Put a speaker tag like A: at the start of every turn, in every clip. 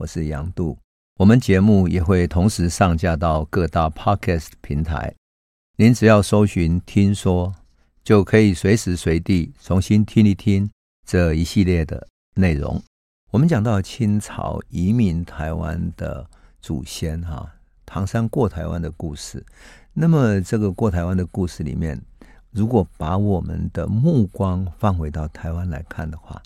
A: 我是楊渡，我們節目也會同時上架到各大 Podcast 平台，您只要搜尋“聽說”，就可以隨時隨地重新聽一聽這一系列的內容。 我們講到清朝移民台灣的祖先哈，唐山過台灣的故事。那麼，這個過台灣的故事裡面，如果把我們的目光放回到台灣來看的話，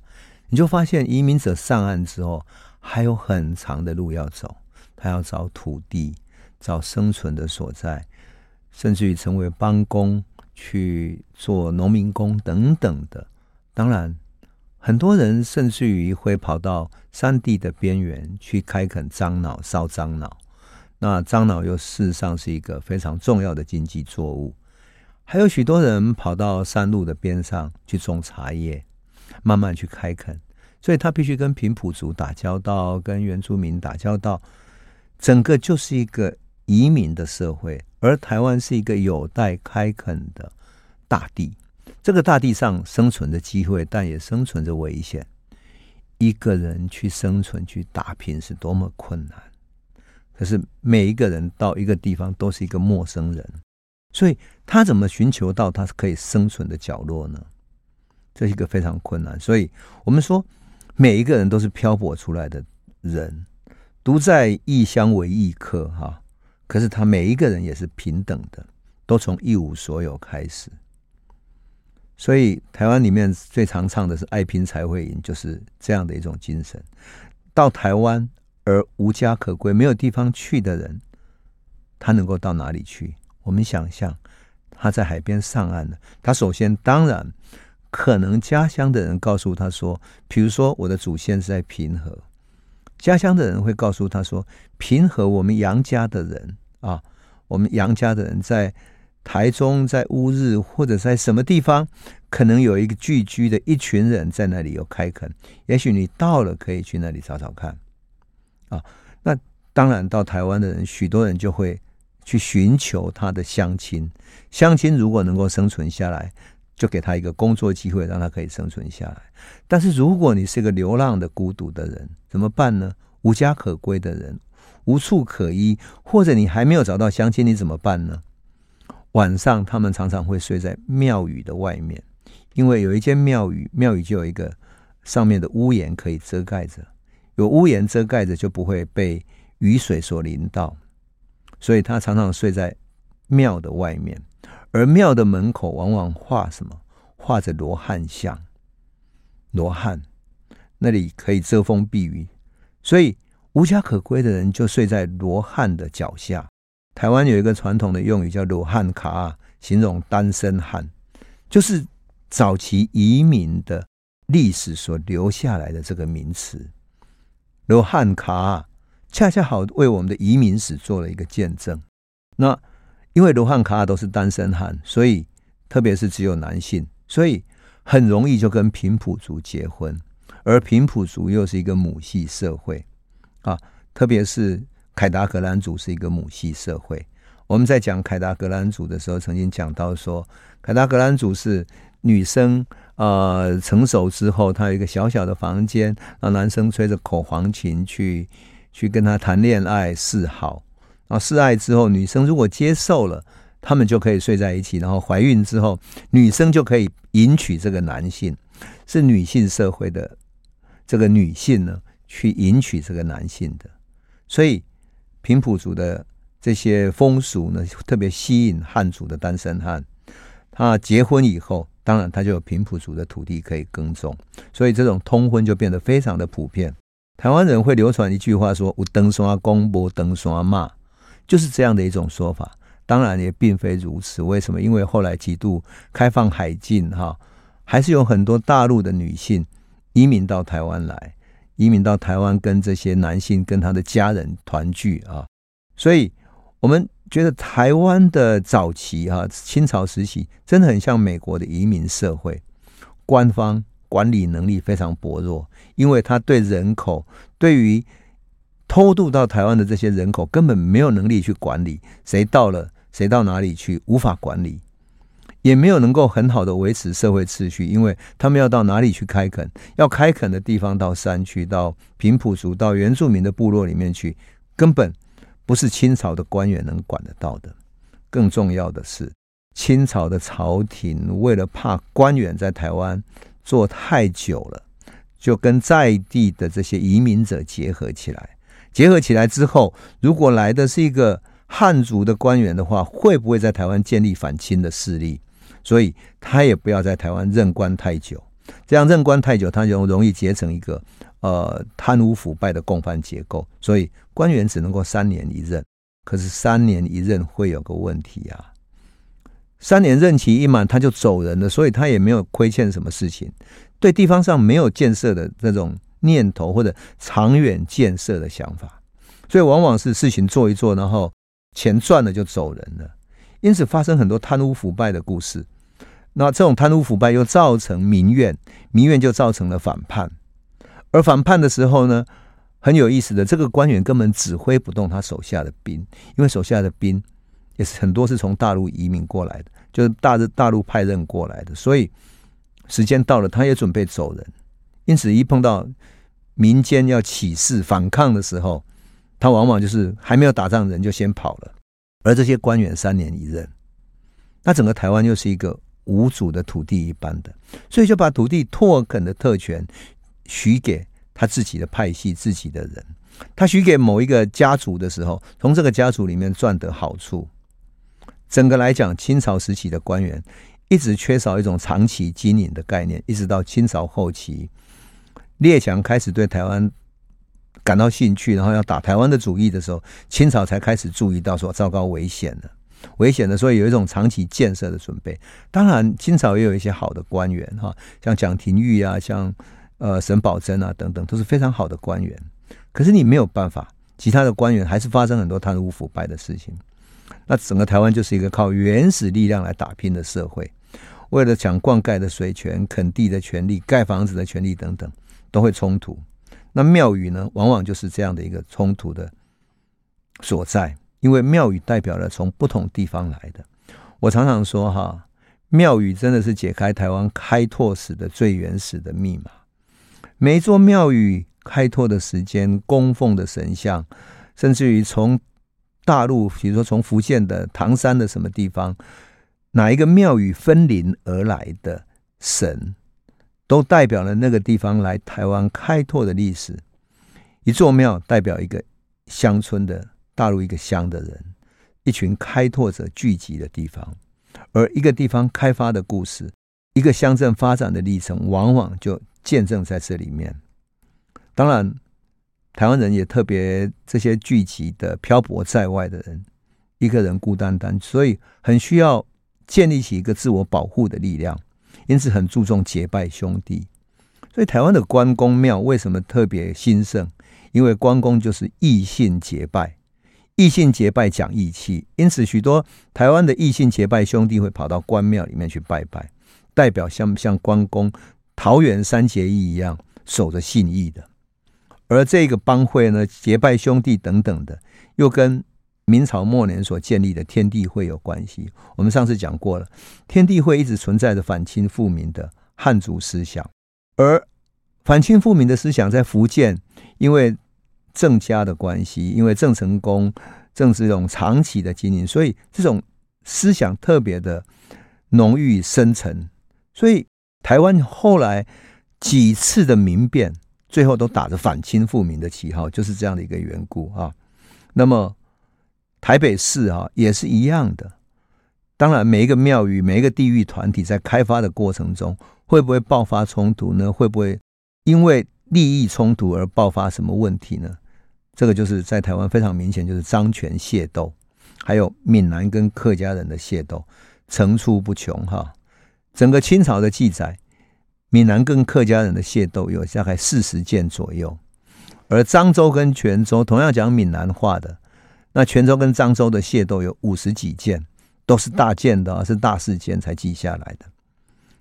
A: 你就發現移民者上岸之後。還有很長的路要走，他要找土地、找生存的所在，甚至於成為幫工、去做農民工等等的。當然，很多人甚至於會跑到山地的邊緣去開墾樟腦、燒樟腦。那樟腦又事實上是一個非常重要的經濟作物。還有許多人跑到山路的邊上去種茶葉，慢慢去開墾。所以他必須跟平埔族打交道，跟原住民打交道，整個就是一個移民的社會。而台灣是一個有待開墾的大地，這個大地上生存的機會，但也生存着危險。一個人去生存、去打拼是多麼困難。可是每一個人到一個地方都是一個陌生人，所以他怎麼尋求到他可以生存的角落呢？這是一個非常困難。所以我們說。每一個人都是漂泊出來的人，獨在異鄉為異客，哈、啊。可是他每一個人也是平等的，都從一無所有開始。所以台灣裡面最常唱的是“愛拼才會贏”，就是這樣的一種精神。到台灣而無家可歸、沒有地方去的人，他能夠到哪裡去？我們想象他在海邊上岸了，他首先當然。可能家鄉的人告訴他說，比如說我的祖先是在平和，家鄉的人會告訴他說，平和我們楊家的人啊，我們楊家的人在台中、在烏日或者在什麼地方，可能有一個聚居的一群人在那裡有開墾，也許你到了可以去那裡找找看。啊，那當然到台灣的人，許多人就會去尋求他的鄉親，鄉親如果能夠生存下來。就給他一個工作機會，讓他可以生存下來。但是如果你是一個流浪的、孤獨的人，怎麼辦呢？無家可歸的人，無處可依，或者你還沒有找到鄉親，你怎麼辦呢？晚上他們常常會睡在廟宇的外面，因為有一間廟宇，廟宇就有一個上面的屋檐可以遮蓋着，有屋檐遮蓋着就不會被雨水所淋到，所以他常常睡在廟的外面。而廟的門口往往畫什麼？畫着羅漢像，羅漢那裡可以遮風避雨，所以無家可歸的人就睡在羅漢的腳下。台灣有一個傳統的用語叫“羅漢卡”，形容單身漢，就是早期移民的歷史所留下來的這個名詞。羅漢卡恰恰好為我們的移民史做了一個見證。那。因為羅漢腳仔都是單身漢，所以特別是只有男性，所以很容易就跟平埔族結婚。而平埔族又是一個母系社會，啊，特別是凱達格蘭族是一個母系社會。我們在講凱達格蘭族的時候，曾經講到說，凱達格蘭族是女生呃成熟之後，她有一個小小的房間，讓男生吹着口簧琴去去跟她談戀愛示好。示愛之後，女生如果接受了，他們就可以睡在一起。然後懷孕之後，女生就可以迎娶這個男性，是女性社會的這個女性呢，去迎娶這個男性的。所以平埔族的這些風俗呢，特別吸引漢族的單身漢。他結婚以後，當然他就有平埔族的土地可以耕種，所以這種通婚就變得非常的普遍。台灣人會流傳一句話說：“有唐山公，無唐山媽。”就是這樣的一種說法，當然也並非如此。為什麼？因為後來幾度開放海禁，哈，還是有很多大陸的女性移民到台灣來，移民到台灣跟這些男性跟他的家人團聚啊。所以我們覺得台灣的早期哈清朝時期真的很像美國的移民社會，官方管理能力非常薄弱，因為他對人口對於。偷渡到台灣的這些人口根本沒有能力去管理，誰到了，誰到哪裡去，無法管理，也沒有能夠很好的維持社會秩序。因為他們要到哪裡去開墾，要開墾的地方到山區、到平埔族、到原住民的部落裡面去，根本不是清朝的官員能管得到的。更重要的是，清朝的朝廷為了怕官員在台灣做太久了，就跟在地的這些移民者結合起來。結合起來之後，如果來的是一個漢族的官員的話，會不會在台灣建立反清的勢力？所以他也不要在台灣任官太久，這樣任官太久，他就容易結成一個呃貪污腐敗的共犯結構。所以官員只能夠三年一任，可是三年一任會有個問題啊，三年任期一滿他就走人了，所以他也沒有虧欠什麼事情，對地方上沒有建設的這種。念頭或者長遠建設的想法，所以往往是事情做一做，然後錢賺了就走人了。因此發生很多貪污腐敗的故事。那這種貪污腐敗又造成民怨，民怨就造成了反叛。而反叛的時候呢，很有意思的，這個官員根本指揮不動他手下的兵，因為手下的兵也是很多是從大陸移民過來的，就是大大陸派任過來的。所以時間到了，他也準備走人。因此一碰到。民間要起事反抗的時候，他往往就是還沒有打仗，人就先跑了。而這些官員三年一任，那整個台灣就是一個無主的土地一般的，所以就把土地拓墾的特權許給他自己的派系、自己的人。他許給某一個家族的時候，從這個家族裡面賺得好處。整個來講，清朝時期的官員一直缺少一種長期經營的概念，一直到清朝後期，列強開始對台灣感到興趣，然後要打台灣的主意的時候，清朝才開始注意到說糟糕，危險了，危險的，所以有一種長期建設的準備。當然，清朝也有一些好的官員哈，像蔣廷玉啊，像呃沈葆楨啊等等，都是非常好的官員。可是你沒有辦法，其他的官員還是發生很多貪污腐敗的事情。那整個台灣就是一個靠原始力量來打拼的社會，為了搶灌溉的水權、墾地的權利、蓋房子的權利等等都會衝突，那廟宇呢？往往就是這樣的一個衝突的所在，因為廟宇代表了從不同地方來的。我常常說哈，廟宇真的是解開台灣開拓史的最原始的密碼。每一座廟宇開拓的時間、供奉的神像，甚至於從大陸，比如說從福建的唐山的什麼地方，哪一個廟宇分靈而來的神。都代表了那個地方來台灣開拓的歷史。一座廟代表一個鄉村的，大陸一個鄉的人，一群開拓者聚集的地方。而一個地方開發的故事，一個鄉鎮發展的歷程，往往就見證在這裡面。當然，台灣人也特別這些聚集的漂泊在外的人，一個人孤單單，所以很需要建立起一個自我保護的力量。因此很注重結拜兄弟，所以台灣的關公廟為什麼特別興盛？因為關公就是異姓結拜，異姓結拜講義氣，因此許多台灣的異姓結拜兄弟會跑到關廟裡面去拜拜，代表像像關公桃園三結義一樣守着信義的。而這個幫會呢，結拜兄弟等等的，又跟。明朝末年所建立的天地會有關係，我們上次講過了，天地會一直存在着反清復明的漢族思想，而反清復明的思想在福建，因為鄭家的關係，因為鄭成功正是這種長期的經營，所以這種思想特別的濃郁深沉，所以台灣後來幾次的民變，最後都打着反清復明的旗號，就是這樣的一個緣故啊。那麼。台北市啊，也是一樣的。當然，每一個廟宇、每一個地域團體在開發的過程中，會不會爆發衝突呢？會不會因為利益衝突而爆發什麼問題呢？這個就是在台灣非常明顯，就是漳泉械鬥，還有閩南跟客家人的械鬥層出不窮。哈，整個清朝的記載，閩南跟客家人的械鬥有大概四十件左右，而漳州跟泉州同樣講閩南話的。那泉州跟漳州的械鬥有五十幾件，都是大件的，是大事件才記下來的。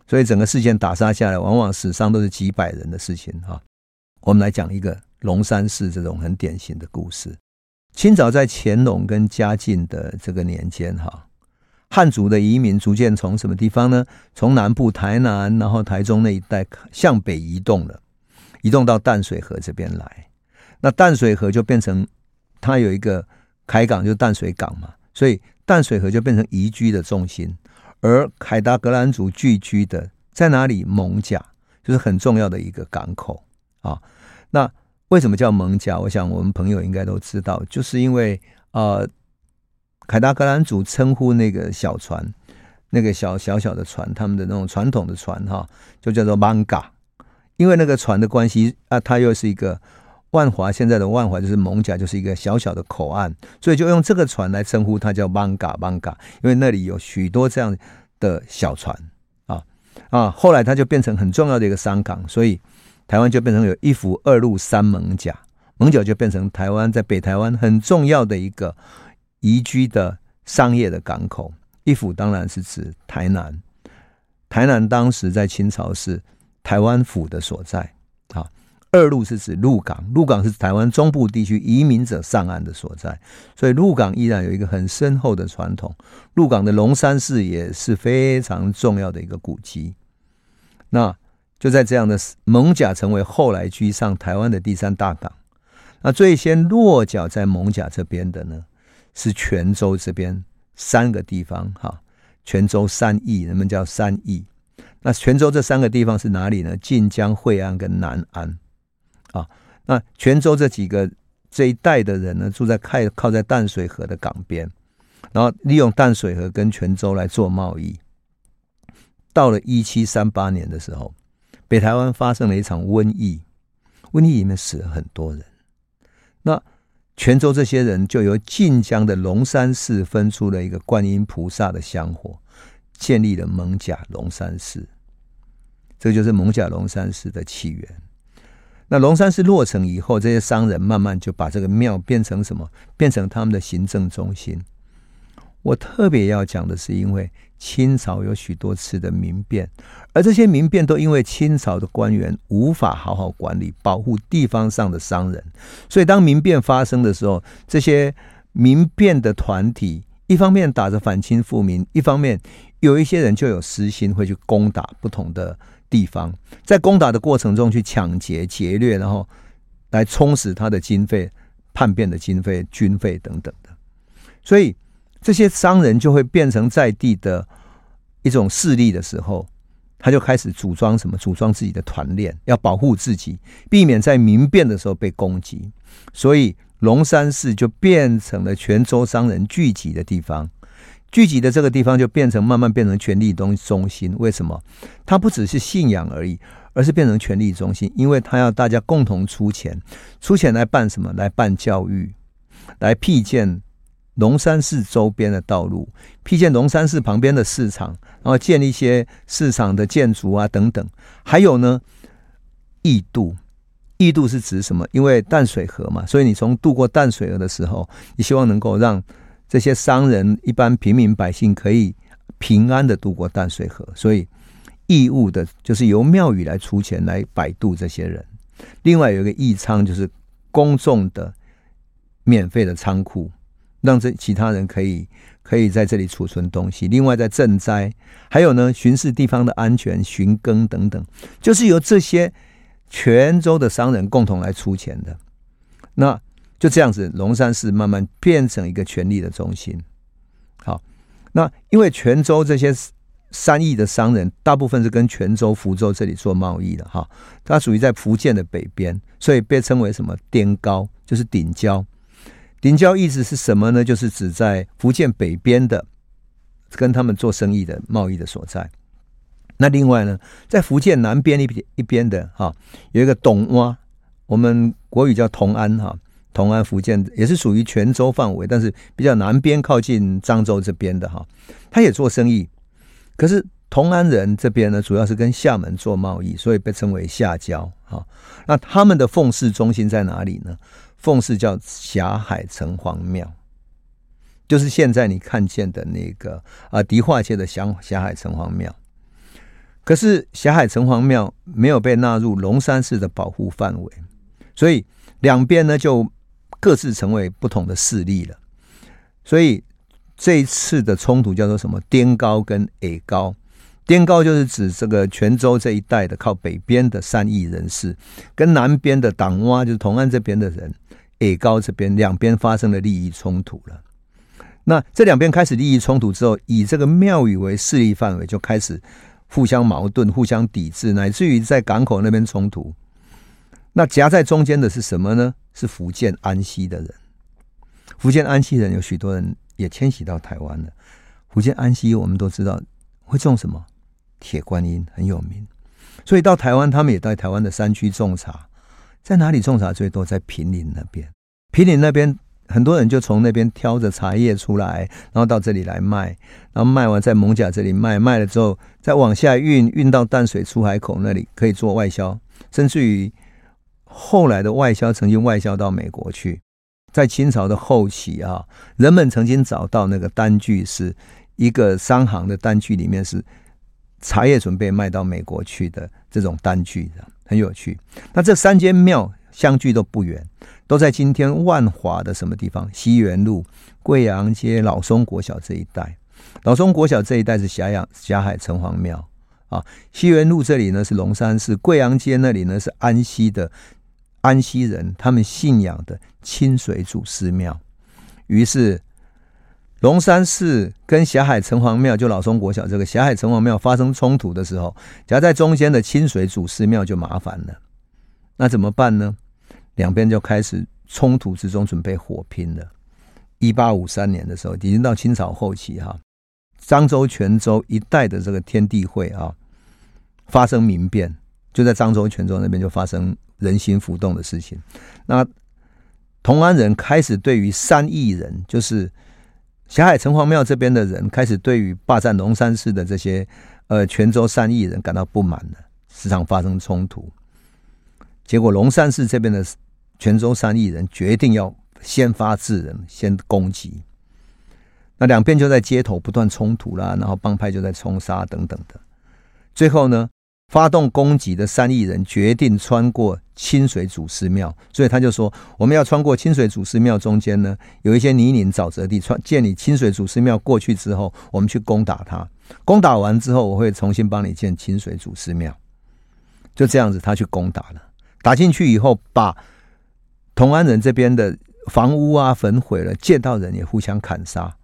A: 所以整個事件打殺下來，往往死傷都是幾百人的事情哈，我們來講一個龍山寺這種很典型的故事。清朝在乾隆跟嘉慶的這個年間，哈，漢族的移民逐漸從什麼地方呢？從南部台南，然後台中那一帶向北移動了，移動到淡水河這邊來。那淡水河就變成它有一個。開港就是淡水港嘛，所以淡水河就變成宜居的重心。而凱達格蘭族聚居的在哪裡？艋舺就是很重要的一個港口啊、哦。那為什麼叫艋舺？我想我們朋友應該都知道，就是因為呃，凱達格蘭族稱呼那個小船，那個小小小的船，他們的那種傳統的船哈、哦，就叫做蒙嘎，因為那個船的關係啊，它又是一個。萬華現在的萬華就是艋舺，就是一個小小的口岸，所以就用這個船來稱呼它，叫艋舺艋舺，因為那裡有許多這樣的小船啊啊。後來它就變成很重要的一個商港，所以台灣就變成有一府二鹿三艋舺。艋舺就變成台灣在北台灣很重要的一個宜居的商業的港口。一府當然是指台南，台南當時在清朝是台灣府的所在。二鹿是指鹿港，鹿港是台灣中部地區移民者上岸的所在，所以鹿港依然有一個很深厚的傳統。鹿港的龍山寺也是非常重要的一個古跡。那就在這樣的，艋舺成為後來居上台灣的第三大港。那最先落腳在艋舺這邊的呢，是泉州這邊三個地方哈，泉州三邑，人們叫三邑。那泉州這三個地方是哪裡呢？晉江、惠安跟南安。啊，那泉州這幾個這一帶的人呢，住在靠靠在淡水河的港邊，然後利用淡水河跟泉州來做貿易。到了一七三八年的時候，北台灣發生了一場瘟疫，瘟疫裡面死了很多人。那泉州這些人就由晉江的龍山寺分出了一個觀音菩薩的香火，建立了艋舺龍山寺，這就是艋舺龍山寺的起源。那龍山寺落成以後，這些商人慢慢就把這個廟變成什麼？變成他們的行政中心。我特別要講的是，因為清朝有許多次的民變，而這些民變都因為清朝的官員無法好好管理、保護地方上的商人，所以當民變發生的時候，這些民變的團體一方面打着反清復明，一方面有一些人就有私心，會去攻打不同的。地方，在攻打的過程中去搶劫、劫掠，然後來充實他的經費、叛變的經費、軍費等等的，所以這些商人就會變成在地的一種勢力的時候，他就開始組裝什麼，組裝自己的團練，要保護自己，避免在民變的時候被攻擊。所以龍山寺就變成了泉州商人聚集的地方。聚集的這個地方就變成慢慢變成權力中心，為什麼？它不只是信仰而已，而是變成權力中心，因為它要大家共同出錢，出錢來辦什麼？來辦教育，來闢建龍山寺周邊的道路，闢建龍山寺旁邊的市場，然後建立一些市場的建築啊等等。還有呢，義渡，義渡是指什麼？因為淡水河嘛，所以你從渡過淡水河的時候，你希望能夠讓。這些商人，一般平民百姓可以平安的渡過淡水河，所以義渡的就是由廟宇來出錢來擺渡這些人。另外有一個義倉，就是公眾的免費的倉庫，讓這其他人可以可以在這裡儲存東西。另外在賑災，還有呢，巡視地方的安全、巡更等等，就是由這些泉州的商人共同來出錢的。那。就這樣子，龍山寺慢慢變成一個權力的中心。好，那因為泉州這些三邑的商人，大部分是跟泉州、福州這裡做貿易的哈。它屬於在福建的北邊，所以被稱為什麼“滇高”，就是“頂郊”。頂郊意思是什麼呢？就是指在福建北邊的，跟他們做生意的貿易的所在。那另外呢，在福建南邊一一邊的哈，有一個同安，我們國語叫同安哈。同安福建，也是屬於泉州範圍，但是比較南邊靠近漳州這邊的哈，他也做生意，可是同安人這邊呢，主要是跟廈門做貿易，所以被稱為下郊。那他們的奉祀中心在哪裡呢？奉祀叫霞海城隍廟，就是現在你看見的那個啊，呃、迪化街的霞霞海城隍廟。可是霞海城隍廟沒有被納入龍山寺的保護範圍，所以兩邊呢就。各自成為不同的勢力了，所以這一次的衝突叫做什麼？頂郊跟下郊。頂郊就是指這個泉州這一帶的靠北邊的三邑人士，跟南邊的黨窪，就是同安這邊的人，下郊這邊兩邊發生了利益衝突了。那這兩邊開始利益衝突之後，以這個廟宇為勢力範圍，就開始互相矛盾、互相抵制，乃至於在港口那邊衝突。那夾在中間的是什麼呢？是福建安溪的人。福建安溪人有許多人也遷徙到台灣了。福建安溪我們都知道會種什麼，鐵觀音很有名。所以到台灣，他們也在台灣的山區種茶。在哪裡種茶最多？在坪林那邊。坪林那邊很多人就從那邊挑着茶葉出來，然後到這裡來賣。然後賣完在艋舺這裡賣，賣了之後再往下運，運到淡水出海口那裡可以做外銷，甚至於。後來的外銷曾經外銷到美國去，在清朝的後期啊，人們曾經找到那個單據，是一個商行的單據，裡面是茶葉準備賣到美國去的這種單據的，很有趣。那這三間廟相距都不遠，都在今天萬華的什麼地方？西園路、貴陽街、老松國小這一帶。老松國小這一帶是霞陽霞海城隍廟啊，西園路這裡呢是龍山寺，貴陽街那裡呢是安溪的。安溪人他們信仰的清水祖師廟，於是龍山寺跟霞海城隍廟就老松國小這個霞海城隍廟發生衝突的時候，夾在中間的清水祖師廟就麻煩了。那怎麼辦呢？兩邊就開始衝突之中準備火拼了。一八五三年的時候，已經到清朝後期哈、啊，漳州、泉州一帶的這個天地會啊，發生民變，就在漳州、泉州那邊就發生。人心浮動的事情，那同安人開始對於三邑人，就是霞海城隍廟這邊的人，開始對於霸占龍山寺的這些，呃，泉州三邑人感到不滿了，時常發生衝突。結果龍山寺這邊的泉州三邑人決定要先發制人，先攻擊。那兩邊就在街頭不斷衝突啦，然後幫派就在衝殺等等的。最後呢？發動攻擊的三邑人決定穿過清水祖師廟，所以他就說：“我們要穿過清水祖師廟中間呢，有一些泥濘沼澤地，穿借你清水祖師廟過去之後，我們去攻打他。攻打完之後，我會重新幫你建清水祖師廟。”就這樣子，他去攻打了，打進去以後，把同安人這邊的房屋啊焚毀了，見到人也互相砍殺。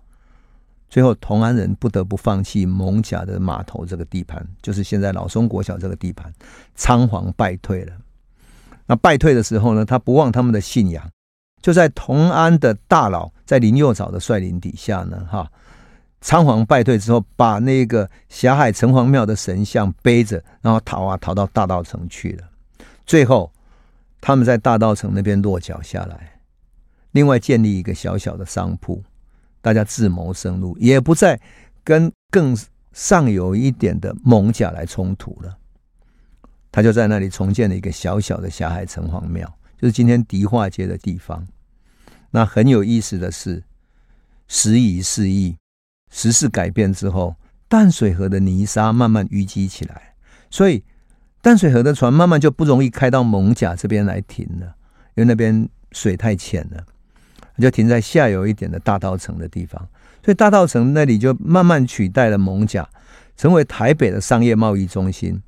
A: 最後，同安人不得不放棄艋舺的碼頭這個地盤，就是現在老松國小這個地盤，倉皇敗退了。那敗退的時候呢，他不忘他們的信仰，就在同安的大老在林右藻的率領底下呢，哈，倉皇敗退之後，把那個霞海城隍廟的神像背着，然後逃啊逃到大稻埕去了。最後，他們在大稻埕那邊落腳下來，另外建立一個小小的商鋪。大家自謀生路，也不再跟更上游一點的艋舺來衝突了。他就在那裡重建了一個小小的霞海城隍廟，就是今天迪化街的地方。那很有意思的是，時移世易，時勢改變之後，淡水河的泥沙慢慢淤積起來，所以淡水河的船慢慢就不容易開到艋舺這邊來停了，因為那邊水太淺了。就停在下游一點的大稻埕的地方，所以大稻埕那裡就慢慢取代了艋舺，成為台北的商業貿易中心。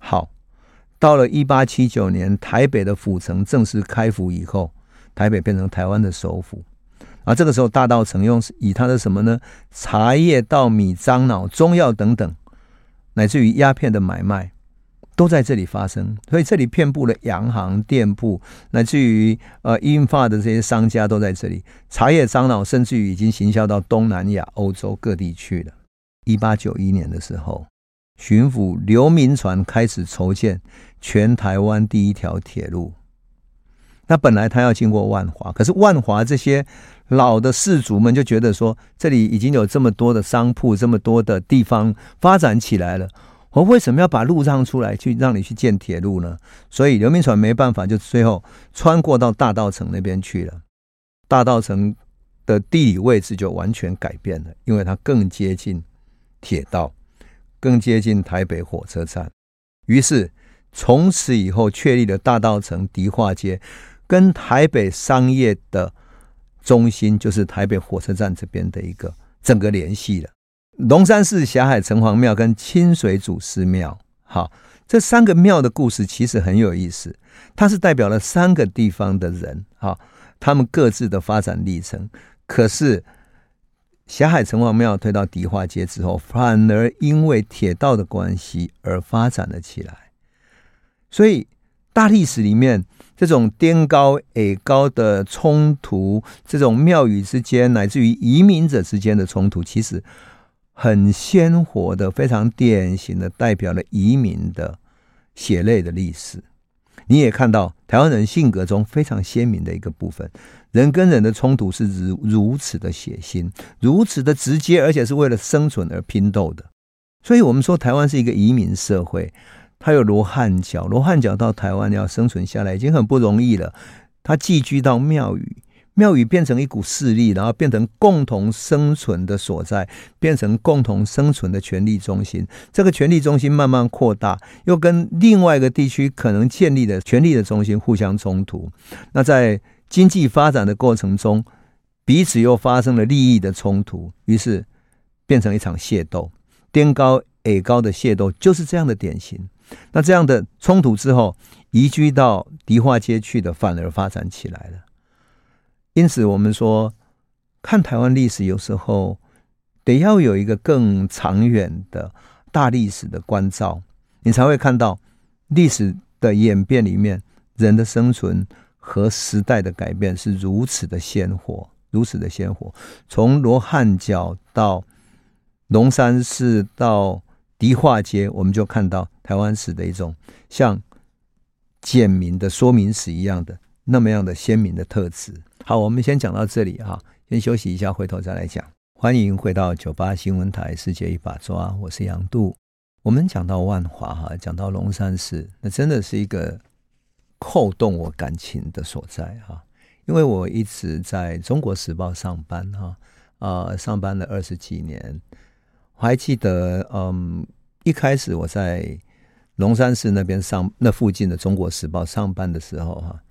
A: 好，到了一八七九年，台北的府城正式開府以後，台北變成台灣的首府。而這個時候，大稻埕用以它的什麼呢？茶葉、稻米、樟腦、中藥等等，乃至於鴉片的買賣。都在這裡發生，所以這裡遍佈了洋行店鋪，乃至於呃英法的這些商家都在這裡。茶葉商老甚至於已經行銷到東南亞、歐洲各地去了。一八九一年的時候，巡撫劉銘傳開始籌建全台灣第一條鐵路。那本來他要經過萬華，可是萬華這些老的士族們就覺得說，這裡已經有這麼多的商鋪，這麼多的地方發展起來了。我、哦、為什麼要把路讓出來，去讓你去建鐵路呢？所以劉銘傳沒辦法，就最後穿過到大稻埕那邊去了。大稻埕的地理位置就完全改變了，因為它更接近鐵道，更接近台北火車站。於是從此以後，確立了大稻埕迪化街跟台北商業的中心，就是台北火車站這邊的一個整個聯繫了。龍山寺、霞海城隍廟跟清水祖師廟，好，這三個廟的故事其實很有意思，它是代表了三個地方的人，好，他們各自的發展歷程。可是霞海城隍廟推到迪化街之後，反而因為鐵道的關係而發展了起來。所以大歷史裡面，這種頂郊下郊的衝突，這種廟宇之間乃至於移民者之間的衝突，其實。很鮮活的，非常典型的代表了移民的血淚的歷史。你也看到台灣人性格中非常鮮明的一個部分：人跟人的衝突是如如此的血腥，如此的直接，而且是為了生存而拼鬥的。所以，我們說台灣是一個移民社會，它有羅漢腳。羅漢腳到台灣要生存下來已經很不容易了，他寄居到廟宇。廟宇變成一股勢力，然後變成共同生存的所在，變成共同生存的權力中心。這個權力中心慢慢擴大，又跟另外一個地區可能建立的權力的中心互相衝突。那在經濟發展的過程中，彼此又發生了利益的衝突，於是變成一場械鬥，頂郊下郊的械鬥就是這樣的典型。那這樣的衝突之後，移居到迪化街去的反而發展起來了。因此，我們說，看台灣歷史，有時候得要有一個更長遠的大歷史的關照，你才會看到歷史的演變裡面，人的生存和時代的改變是如此的鮮活，如此的鮮活。從羅漢腳到龍山寺到迪化街，我們就看到台灣史的一種像簡明的說明史一樣的。那麼樣的鮮明的特質。好，我們先講到這裡哈、啊，先休息一下，回頭再來講。歡迎回到九八新聞台《世界一把抓》，我是楊渡。我們講到萬華哈，講到龍山寺，那真的是一個扣動我感情的所在哈、啊，因為我一直在中國時報上班哈、啊，啊、呃，上班了二十幾年，我還記得，嗯，一開始我在龍山寺那邊上那附近的中國時報上班的時候哈、啊。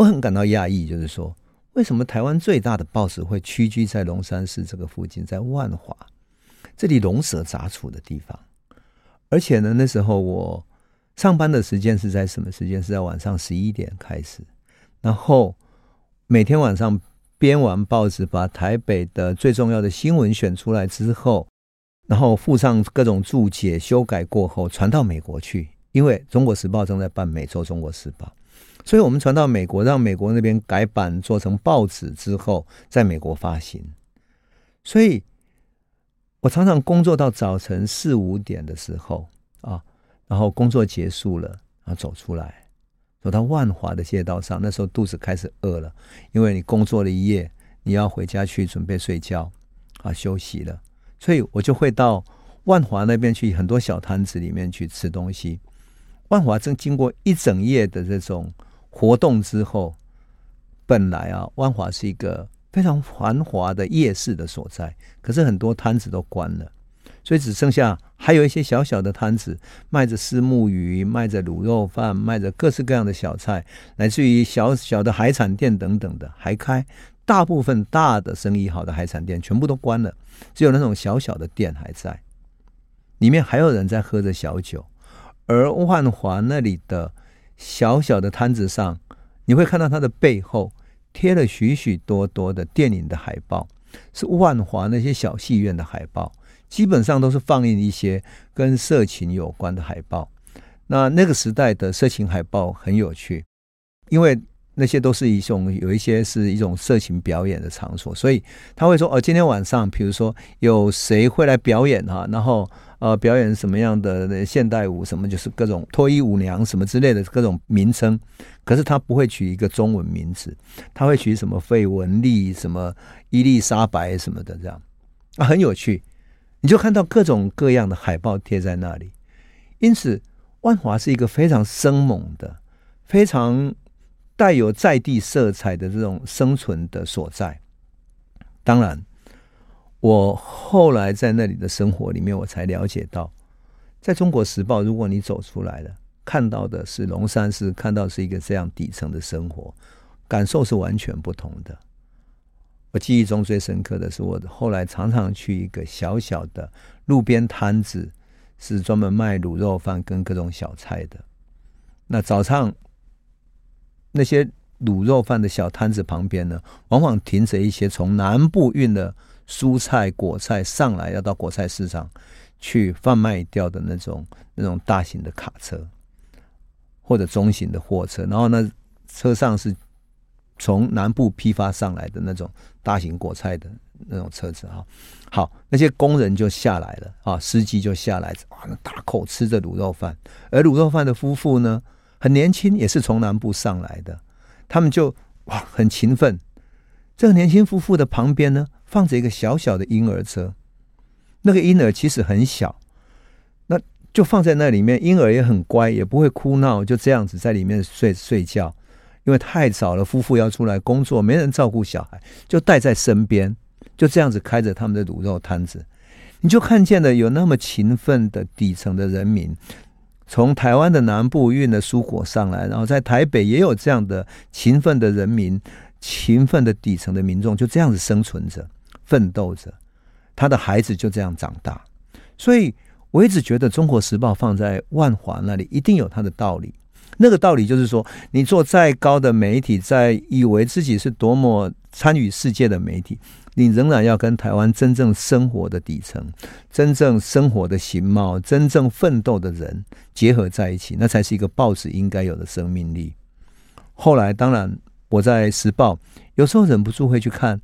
A: 我很感到訝異，就是說，為什麼台灣最大的報紙會屈居在龍山寺這個附近，在萬華這裡龍蛇雜處的地方？而且呢，那時候我上班的時間是在什麼時間？是在晚上十一點開始，然後每天晚上編完報紙，把台北的最重要的新聞選出來之後，然後附上各種注解，修改過後傳到美國去，因為《中國時報》正在辦《美洲中國時報》。所以，我們傳到美國，讓美國那邊改版做成報紙之後，在美國發行。所以，我常常工作到早晨四五點的時候啊，然後工作結束了，然後走出來，走到萬華的街道上，那時候肚子開始餓了，因為你工作了一夜，你要回家去準備睡覺啊，休息了。所以我就會到萬華那邊去，很多小攤子裡面去吃東西。萬華正經過一整夜的這種。活動之後，本來啊，萬華是一個非常繁華的夜市的所在，可是很多攤子都關了，所以只剩下還有一些小小的攤子賣着虱目魚、賣着滷肉飯、賣着各式各樣的小菜，乃至於小小的海產店等等的還開。大部分大的生意好的海產店全部都關了，只有那種小小的店還在，裡面還有人在喝着小酒，而萬華那裡的。小小的攤子上，你會看到它的背後貼了許許多多的電影的海報，是萬華那些小戲院的海報，基本上都是放映一些跟色情有關的海報。那那個時代的色情海報很有趣，因為那些都是一種有一些是一種色情表演的場所，所以他會說：哦，今天晚上，比如說有誰會來表演啊，然後。呃，表演什麼樣的現代舞，什麼就是各種脫衣舞娘什麼之類的各種名稱，可是他不會取一個中文名字，他會取什麼費雯麗、什麼伊麗莎白什麼的這樣，啊，很有趣。你就看到各種各樣的海報貼在那裡，因此萬華是一個非常生猛的、非常帶有在地色彩的這種生存的所在，當然。我後來在那裡的生活裡面，我才了解到，在《中國時報》如果你走出來了，看到的是龍山寺，看到的是一個這樣底層的生活，感受是完全不同的。我記憶中最深刻的是，我後來常常去一個小小的路邊攤子，是專門賣滷肉飯跟各種小菜的。那早上，那些滷肉飯的小攤子旁邊呢，往往停着一些從南部運的。蔬菜、果菜上來要到果菜市場去販賣掉的那種、那種大型的卡車，或者中型的貨車，然後呢車上是從南部批發上來的那種大型果菜的那種車子哈。好，那些工人就下來了啊，司機就下來哇，啊、那大口吃着滷肉飯。而滷肉飯的夫婦呢，很年輕，也是從南部上來的，他們就哇很勤奮。這個年輕夫婦的旁邊呢，放着一個小小的嬰兒車，那個嬰兒其實很小，那就放在那裡面。嬰兒也很乖，也不會哭鬧，就這樣子在裡面睡睡覺。因為太早了，夫婦要出來工作，沒人照顧小孩，就帶在身邊。就這樣子開着他們的滷肉攤子，你就看見了有那麼勤奮的底層的人民，從台灣的南部運的蔬果上來，然後在台北也有這樣的勤奮的人民，勤奮的底層的民眾就這樣子生存着。奮鬥着，他的孩子就這樣長大。所以我一直覺得，《中國時報》放在萬華那裡一定有它的道理。那個道理就是說，你做再高的媒體，再以為自己是多麼參與世界的媒體，你仍然要跟台灣真正生活的底層、真正生活的形貌、真正奮鬥的人結合在一起，那才是一個報紙應該有的生命力。後來，當然我在時報有時候忍不住會去看。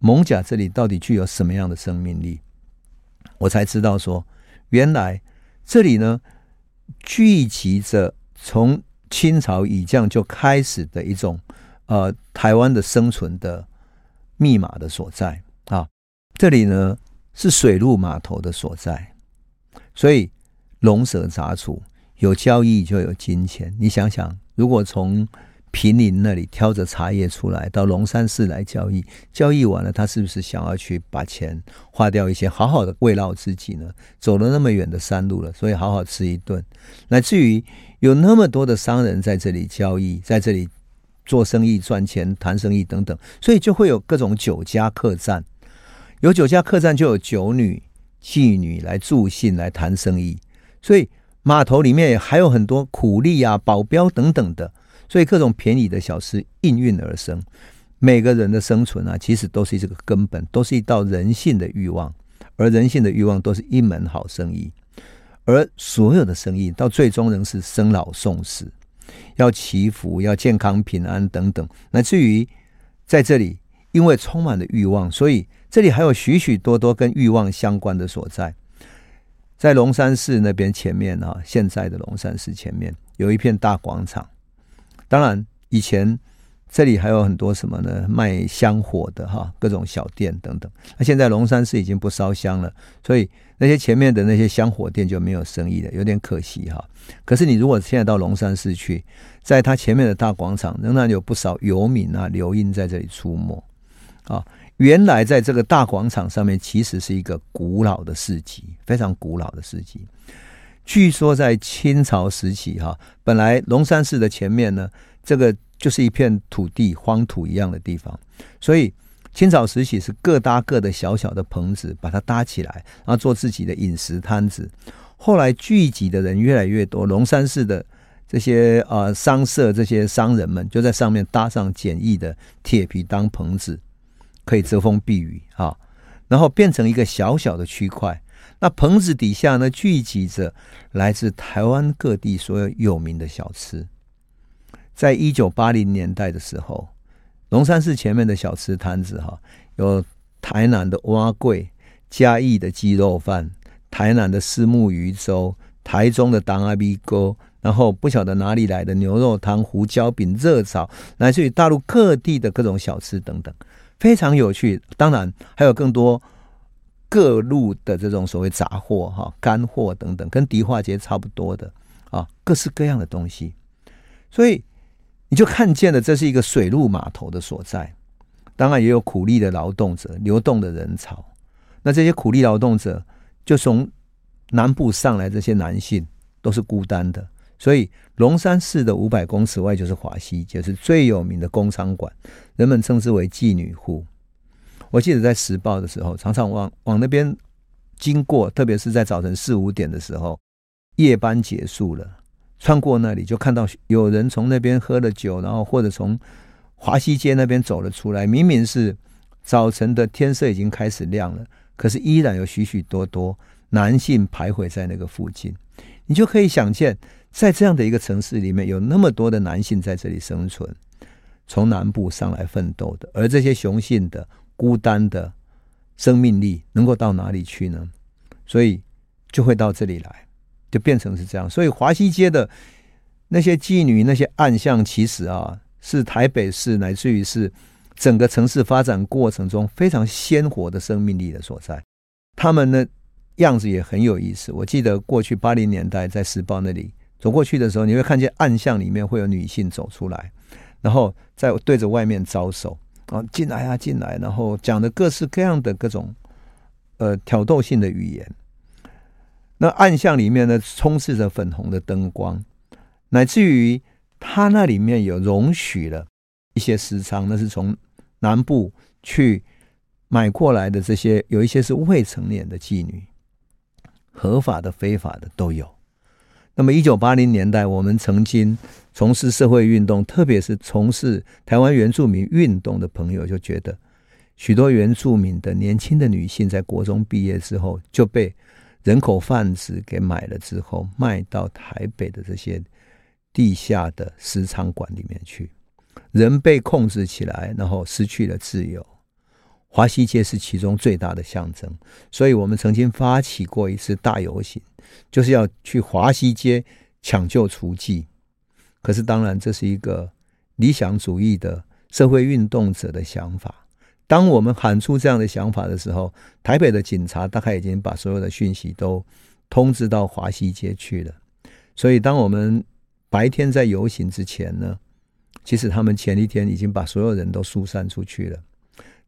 A: 艋舺這裡到底具有什麼樣的生命力？我才知道說，原來這裡呢聚集着從清朝以降就開始的一種呃台灣的生存的密碼的所在啊。這裡呢是水路碼頭的所在，所以龍蛇雜處，有交易就有金錢。你想想，如果從坪林那裡挑着茶葉出來，到龍山寺來交易。交易完了，他是不是想要去把錢花掉一些，好好的慰勞自己呢？走了那麼遠的山路了，所以好好吃一頓。乃至於有那麼多的商人在這裡交易，在這裡做生意、賺錢、談生意等等，所以就會有各種酒家、客棧。有酒家、客棧，就有酒女、妓女來助興、來談生意。所以碼頭裡面還有很多苦力啊、保鏢等等的。所以各種便宜的小吃應運而生。每個人的生存啊，其實都是這個根本，都是一道人性的慾望。而人性的慾望都是一門好生意。而所有的生意到最終仍是生老送死，要祈福，要健康平安等等。乃至於在這裡，因為充滿了慾望，所以這裡還有許許多多跟慾望相關的所在。在龍山寺那邊前面啊，現在的龍山寺前面有一片大廣場。當然，以前這裡還有很多什麼呢？賣香火的哈，各種小店等等。那現在龍山寺已經不燒香了，所以那些前面的那些香火店就沒有生意了，有點可惜哈。可是你如果現在到龍山寺去，在它前面的大廣場，仍然有不少遊民啊、流民在這裡出沒啊。原來在這個大廣場上面，其實是一個古老的市集，非常古老的市集。據說在清朝時期，哈，本來龍山寺的前面呢，這個就是一片土地，荒土一樣的地方。所以清朝時期是各搭各的小小的棚子，把它搭起來，然後做自己的飲食攤子。後來聚集的人越來越多，龍山寺的這些呃商社，這些商人們就在上面搭上簡易的鐵皮當棚子，可以遮風避雨啊，然後變成一個小小的區塊。那棚子底下呢，聚集着來自台灣各地所有有名的小吃。在一九八零年代的時候，龍山寺前面的小吃攤子哈，有台南的碗粿、嘉義的雞肉飯、台南的虱目魚粥、台中的筒仔米糕，然後不曉得哪裡來的牛肉湯、胡椒餅、熱炒、來自於大陸各地的各種小吃等等，非常有趣。當然還有更多。各路的這種所謂雜貨、哈乾貨等等，跟迪化街差不多的啊，各式各樣的東西，所以你就看見了，這是一個水陸碼頭的所在。當然也有苦力的勞動者，流動的人潮。那這些苦力勞動者就從南部上來，這些男性都是孤單的。所以龍山寺的五百公尺外就是華西街，就是最有名的工商館，人們稱之為妓女戶。我記得在時報的時候，常常往往那邊經過，特別是在早晨四五點的時候，夜班結束了，穿過那裡就看到有人從那邊喝了酒，然後或者從華西街那邊走了出來。明明是早晨的天色已經開始亮了，可是依然有許許多多男性徘徊在那個附近。你就可以想見，在這樣的一個城市裡面有那麼多的男性在這裡生存，從南部上來奮鬥的，而這些雄性的。孤單的生命力能夠到哪裡去呢？所以就會到這裡來，就變成是這樣。所以華西街的那些妓女、那些暗巷，其實啊，是台北市乃至於是整個城市發展過程中非常鮮活的生命力的所在。他們的樣子也很有意思。我記得過去八零年代在時報那裡走過去的時候，你會看見暗巷裡面會有女性走出來，然後在對着外面招手。啊，進來啊，進來！然後講的各式各樣的各種呃挑逗性的語言。那暗巷裡面呢，充斥着粉紅的燈光，乃至於他那裡面有容許了一些私娼，那是從南部去買過來的這些，有一些是未成年的妓女，合法的、非法的都有。那麼，一九八零年代，我們曾經從事社會運動，特別是從事台灣原住民運動的朋友，就覺得許多原住民的年輕的女性，在國中畢業之後，就被人口販子給買了之後，賣到台北的這些地下的私娼館裡面去，人被控制起來，然後失去了自由。華西街是其中最大的象徵，所以我們曾經發起過一次大游行，就是要去華西街搶救雛妓，可是當然，這是一個理想主義的社會運動者的想法。當我們喊出這樣的想法的時候，台北的警察大概已經把所有的訊息都通知到華西街去了。所以，當我們白天在游行之前呢，其實他們前一天已經把所有人都疏散出去了。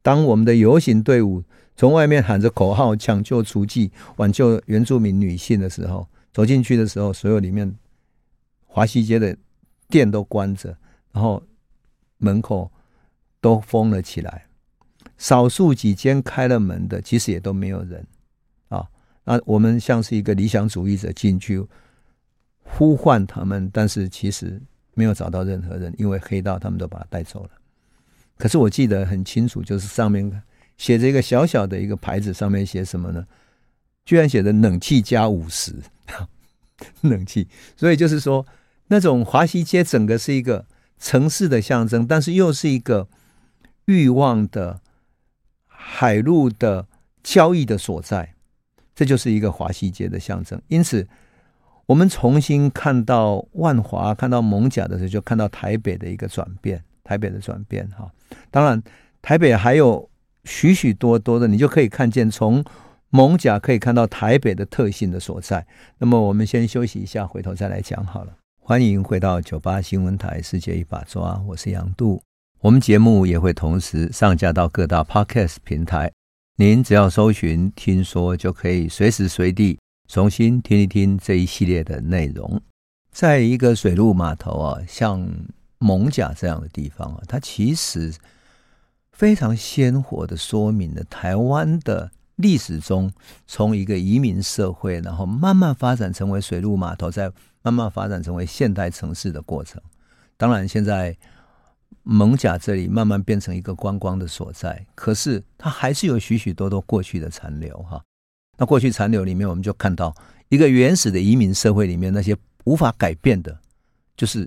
A: 當我們的遊行隊伍從外面喊着口號搶救、雛妓，挽救原住民女性的時候，走進去的時候，所有裡面華西街的店都關着然後門口都封了起來。少數幾間開了門的，其實也都沒有人啊。那我們像是一個理想主義者進去呼喚他們，但是其實沒有找到任何人，因為黑道他們都把他帶走了。可是我記得很清楚，就是上面寫着一個小小的一個牌子，上面寫什麼呢？居然寫着“冷氣加五十，” 冷氣。所以就是說，那種華西街整個是一個城市的象徵，但是又是一個慾望的海陸的交易的所在。這就是一個華西街的象徵。因此，我們重新看到萬華、看到艋舺的時候，就看到台北的一個轉變。台北的轉變，哈，當然台北還有許許多多的，你就可以看見從艋舺可以看到台北的特性的所在。那麼我們先休息一下，回頭再來講好了。歡迎回到九八新聞台《世界一把抓》，我是楊渡。我們節目也會同時上架到各大 Podcast 平台，您只要搜尋“聽說”，就可以隨時隨地重新聽一聽這一系列的內容。在一個水陸碼頭啊，像。艋舺這樣的地方啊，它其實非常鮮活的說明了台灣的歷史中，從一個移民社會，然後慢慢發展成為水陸碼頭，再慢慢發展成為現代城市的過程。當然，現在艋舺這裡慢慢變成一個觀光的所在，可是它還是有許許多多過去的殘留哈。那過去殘留裡面，我們就看到一個原始的移民社會裡面那些無法改變的，就是。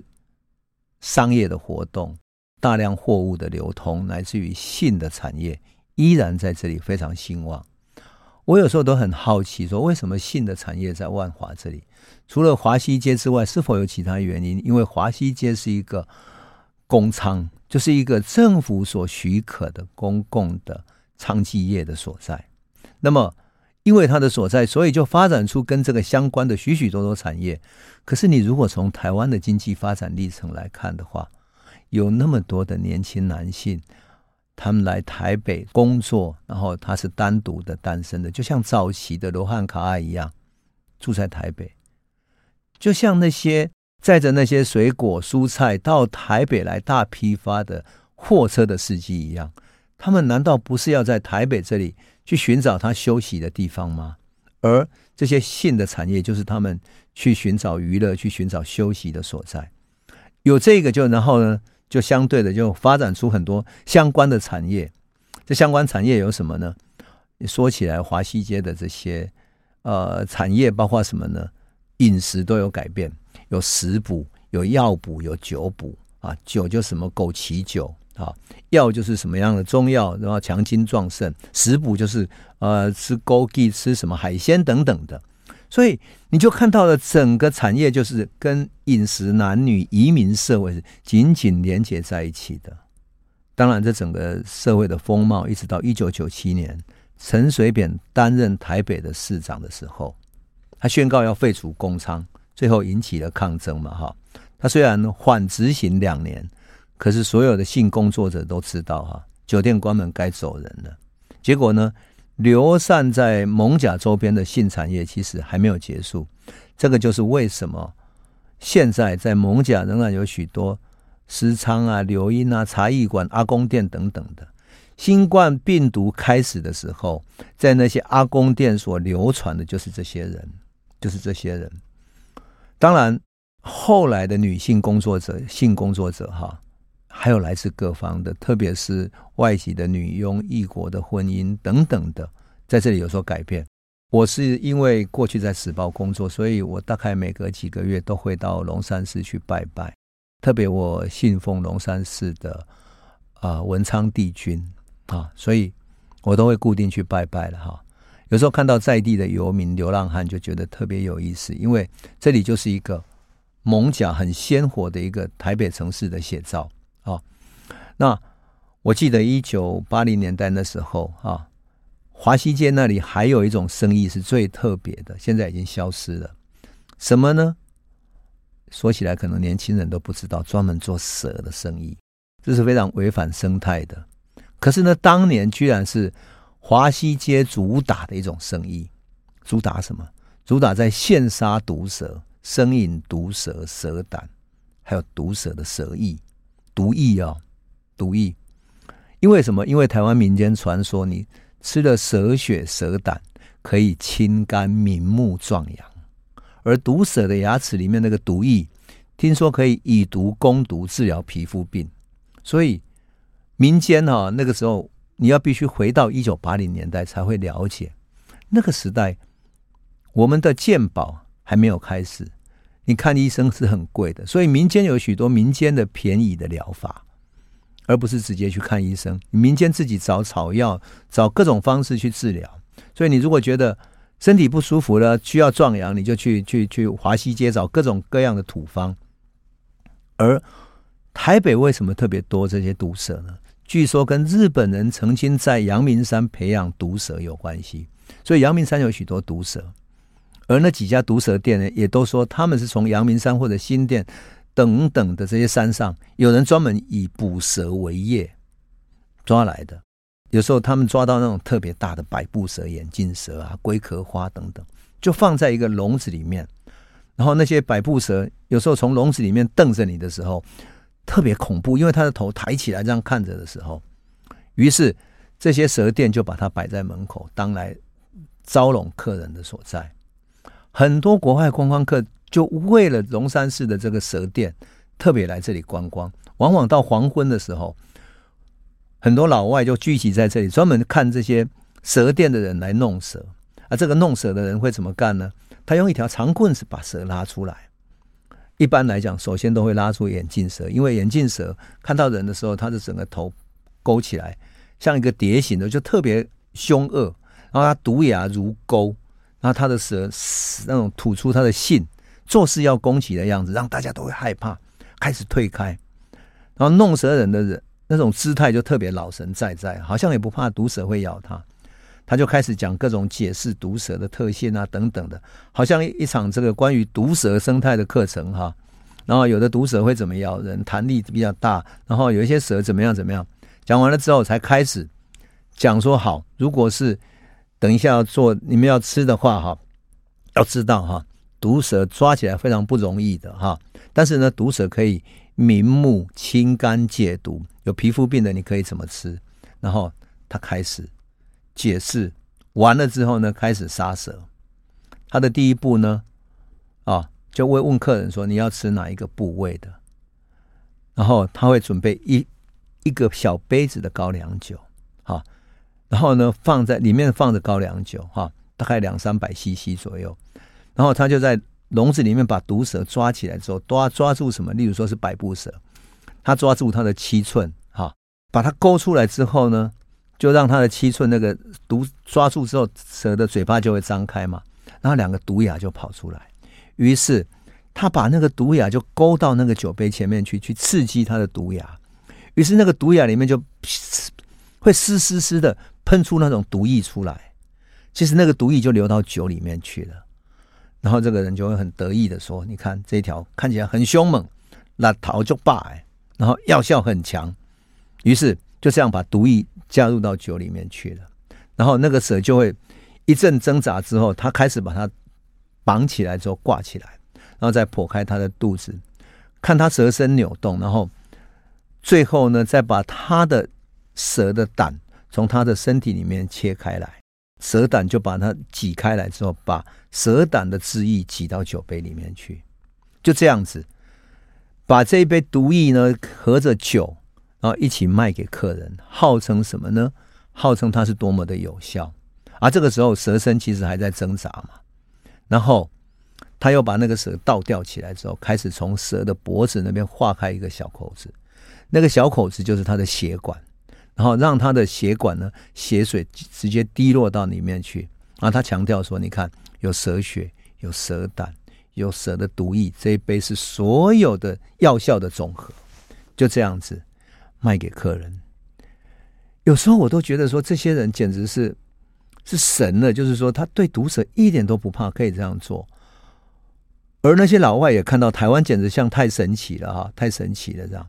A: 商業的活動、大量貨物的流通，乃至於性的產業依然在這裡非常興旺。我有時候都很好奇，說為什麼性的產業在萬華這裡，除了華西街之外，是否有其他原因？因為華西街是一個公娼，就是一個政府所許可的公共的娼妓業的所在。那麼。因為他的所在，所以就發展出跟這個相關的許許多多產業。可是，你如果從台灣的經濟發展歷程來看的話，有那麼多的年輕男性，他們來台北工作，然後他是單獨的、單身的，就像早期的羅漢腳一樣住在台北，就像那些載着那些水果、蔬菜，到台北來大批發的貨車的司機一樣，他們難道不是要在台北這裡？去尋找他休息的地方嗎？而這些性的產業就是他們去尋找娛樂、去尋找休息的所在。有這個就，然後呢，就相對的就發展出很多相關的產業。這相關產業有什麼呢？說起來，華西街的這些呃產業包括什麼呢？飲食都有改變，有食補、有藥補、有酒補啊，酒就什麼枸杞酒。藥、哦、就是什麼樣的中藥，然後強精壯腎；食補就是呃吃枸杞、吃什麼海鮮等等的。所以你就看到了整個產業就是跟飲食、男女、移民社會是緊緊連接在一起的。當然，這整個社會的風貌，一直到一九九七年陳水扁擔任台北的市長的時候，他宣告要廢除公娼，最後引起了抗爭嘛。哈、哦，他雖然緩執行兩年。可是，所有的性工作者都知道哈、啊，酒店關門該走人了。結果呢，流散在艋舺周邊的性產業其實還沒有結束。這個就是為什麼現在在艋舺仍然有許多私娼啊、流鶯啊、茶藝館、阿公店等等的。新冠病毒開始的時候，在那些阿公店所流傳的就是這些人，就是這些人。當然，後來的女性工作者、性工作者哈、啊。還有來自各方的，特別是外籍的女傭、異國的婚姻等等的，在這裡有所改變。我是因為過去在時報工作，所以我大概每隔幾個月都會到龍山寺去拜拜。特別我信奉龍山寺的啊、呃、文昌帝君啊，所以我都會固定去拜拜了哈、啊。有時候看到在地的游民、流浪漢，就覺得特別有意思，因為這裡就是一個艋舺很鮮活的一個台北城市的寫照。啊、哦，那我記得一九八零年代那時候啊，華西街那裡還有一種生意是最特別的，現在已經消失了。什麼呢？說起來可能年輕人都不知道，專門做蛇的生意，這是非常違反生態的。可是呢，當年居然是華西街主打的一種生意，主打什麼？主打在現殺毒蛇、生飲毒蛇、蛇膽，還有毒蛇的蛇翼。毒液哦，毒液，因為什麼？因為台灣民間傳說，你吃了蛇血、蛇膽可以清肝明目、壯陽，而毒蛇的牙齒裡面那個毒液，聽說可以以毒攻毒治療皮膚病。所以民間哦、啊，那個時候你要必須回到一九八零年代才會了解，那個時代我們的健保還沒有開始。你看醫生是很貴的，所以民間有許多民間的便宜的療法，而不是直接去看醫生。民間自己找草藥，找各種方式去治療。所以你如果覺得身體不舒服了，需要壯陽，你就去去去華西街找各種各樣的土方。而台北為什麼特別多這些毒蛇呢？據說跟日本人曾經在陽明山培養毒蛇有關係，所以陽明山有許多毒蛇。而那幾家毒蛇店呢，也都說他們是從陽明山或者新店等等的這些山上，有人專門以捕蛇為業抓來的。有時候他們抓到那種特別大的百步蛇、眼鏡蛇啊、龜殼花等等，就放在一個籠子裡面。然後那些百步蛇有時候從籠子裡面瞪着你的時候，特別恐怖，因為它的頭抬起來這樣看着的時候。於是這些蛇店就把它擺在門口，當來招攏客人的所在。很多國外觀光客就為了龍山寺的這個蛇殿，特別來這裡觀光。往往到黃昏的時候，很多老外就聚集在這裡，專門看這些蛇殿的人來弄蛇。啊，這個弄蛇的人會怎麼幹呢？他用一條長棍子把蛇拉出來。一般來講，首先都會拉出眼鏡蛇，因為眼鏡蛇看到人的時候，它的整個頭勾起來，像一個蝶形的，就特別凶惡。然後它毒牙如鈎。那他的蛇，那種吐出他的信，作勢要攻擊的樣子，讓大家都會害怕，開始退開。然後弄蛇人的人，那種姿態就特別老神在在，好像也不怕毒蛇會咬他。他就開始講各種解釋毒蛇的特性啊，等等的，好像一,一場這個關於毒蛇生態的課程哈、啊。然後有的毒蛇會怎麼咬人，彈力比較大，然後有一些蛇怎麼樣怎麼樣。講完了之後，才開始講說好，如果是。等一下，要做你們要吃的話哈，要知道哈，毒蛇抓起來非常不容易的哈。但是呢，毒蛇可以明目、清肝、解毒。有皮膚病的你可以怎麼吃？然後他開始解釋完了之後呢，開始殺蛇。他的第一步呢，啊，就會問客人說，你要吃哪一個部位的？然後他會準備一一個小杯子的高粱酒。然後呢，放在裡面放着高粱酒，哈、哦，大概兩三百 CC 左右。然後他就在籠子裡面把毒蛇抓起來之後，抓抓住什麼？例如說是百步蛇，他抓住他的七寸，哈、哦，把它勾出來之後呢，就讓他的七寸那個毒抓住之後，蛇的嘴巴就會張開嘛。然後兩個毒牙就跑出來，於是他把那個毒牙就勾到那個酒杯前面去，去刺激他的毒牙，於是那個毒牙裡面就會嘶嘶嘶的。噴出那種毒液出來，其實那個毒液就流到酒裡面去了。然後這個人就會很得意的說：“你看這一條看起來很凶猛，那逃就罷哎。”然後藥效很強，於是就這樣把毒液加入到酒裡面去了。然後那個蛇就會一陣掙扎之後，他開始把它綁起來，之後掛起來，然後再剖開它的肚子，看它蛇身扭動，然後最後呢，再把它的蛇的膽。從他的身體裡面切開來，蛇膽就把它擠開來之後，把蛇膽的汁液擠到酒杯裡面去，就這樣子，把這一杯毒液呢和着酒，然後一起賣給客人，號稱什麼呢？號稱它是多麼的有效。而、啊、這個時候，蛇身其實還在掙扎嘛，然後他又把那個蛇倒吊起來之後，開始從蛇的脖子那邊劃開一個小口子，那個小口子就是他的血管。然後讓他的血管呢，血水直接滴落到裡面去。然後他強調說：“你看，有蛇血，有蛇膽，有蛇的毒液，這一杯是所有的藥效的總和。”就這樣子賣給客人。有時候我都覺得說，這些人簡直是是神了。就是說，他對毒蛇一點都不怕，可以這樣做。而那些老外也看到台灣，簡直像太神奇了哈！太神奇了這樣。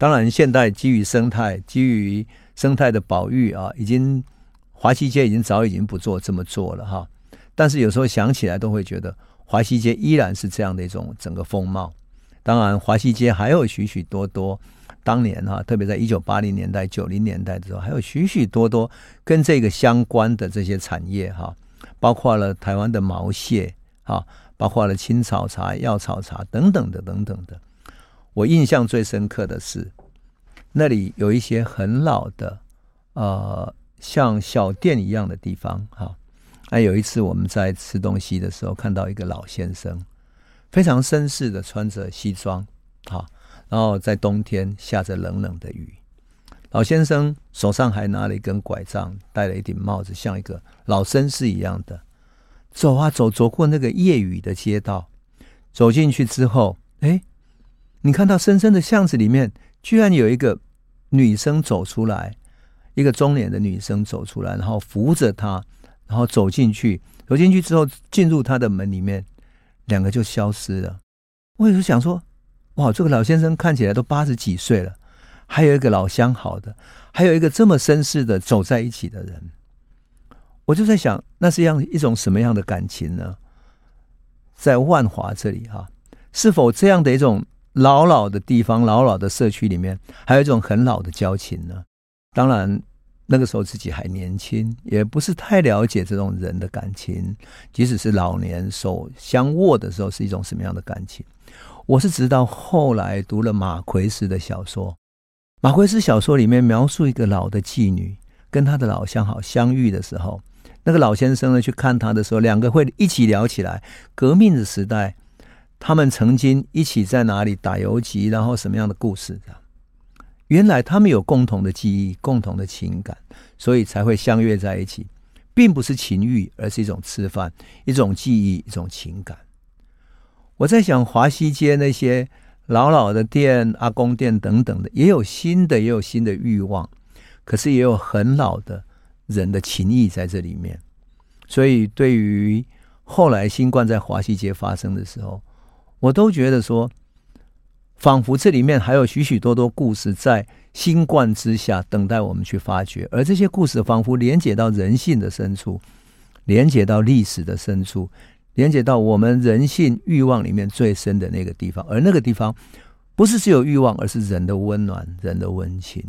A: 當然，現在基於生態、基於生態的保育啊，已經華西街已經早已經不做這麼做了哈。但是有時候想起來都會覺得，華西街依然是這樣的一種整個風貌。當然，華西街還有許許多多當年哈，特別在一九八零年代、九零年代的時候，還有許許多多跟這個相關的這些產業哈，包括了台灣的毛蟹哈，包括了青草茶、藥草茶等等的等等的。等等的我印象最深刻的是，那裡有一些很老的，呃，像小店一樣的地方。哈，哎，有一次我們在吃東西的時候，看到一個老先生，非常紳士的穿着西裝，哈、啊，然後在冬天下着冷冷的雨，老先生手上還拿了一根拐杖，戴了一頂帽子，像一個老紳士一樣的。走啊，走，走過那個夜雨的街道，走進去之後，哎、欸。你看到深深的巷子裡面，居然有一個女生走出來，一個中年的女生走出來，然後扶着她，然後走進去，走進去之後進入她的門裡面，兩個就消失了。我也是想說，哇，這個老先生看起來都八十幾歲了，還有一個老相好的，還有一個這麼紳士的走在一起的人，我就在想，那是一樣一種什麼樣的感情呢？在萬華這裡哈、啊，是否這樣的一種？老老的地方，老老的社區裡面，還有一種很老的交情呢、啊。當然，那個時候自己還年輕，也不是太了解這種人的感情。即使是老年手相握的時候，是一種什麼樣的感情？我是直到後來讀了馬奎斯的小說，馬奎斯小說裡面描述一個老的妓女跟她的老相好相遇的時候，那個老先生呢，去看她的時候，兩個會一起聊起來革命的時代。他們曾經一起在哪裡打游擊，然後什麼樣的故事？原來他們有共同的記憶、共同的情感，所以才會相約在一起，並不是情欲，而是一種吃飯、一種記憶、一種情感。我在想，華西街那些老老的店、阿公店等等的，也有新的，也有新的欲望，可是也有很老的人的情誼在這裡面。所以，對於後來新冠在華西街發生的時候，我都覺得說，仿佛這裡面還有許許多多故事在新冠之下等待我們去發掘，而這些故事仿佛連接到人性的深處，連接到歷史的深處，連接到我們人性欲望裡面最深的那個地方。而那個地方不是只有欲望，而是人的溫暖、人的溫情。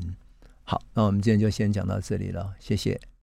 A: 好，那我們今天就先講到這裡了，謝謝。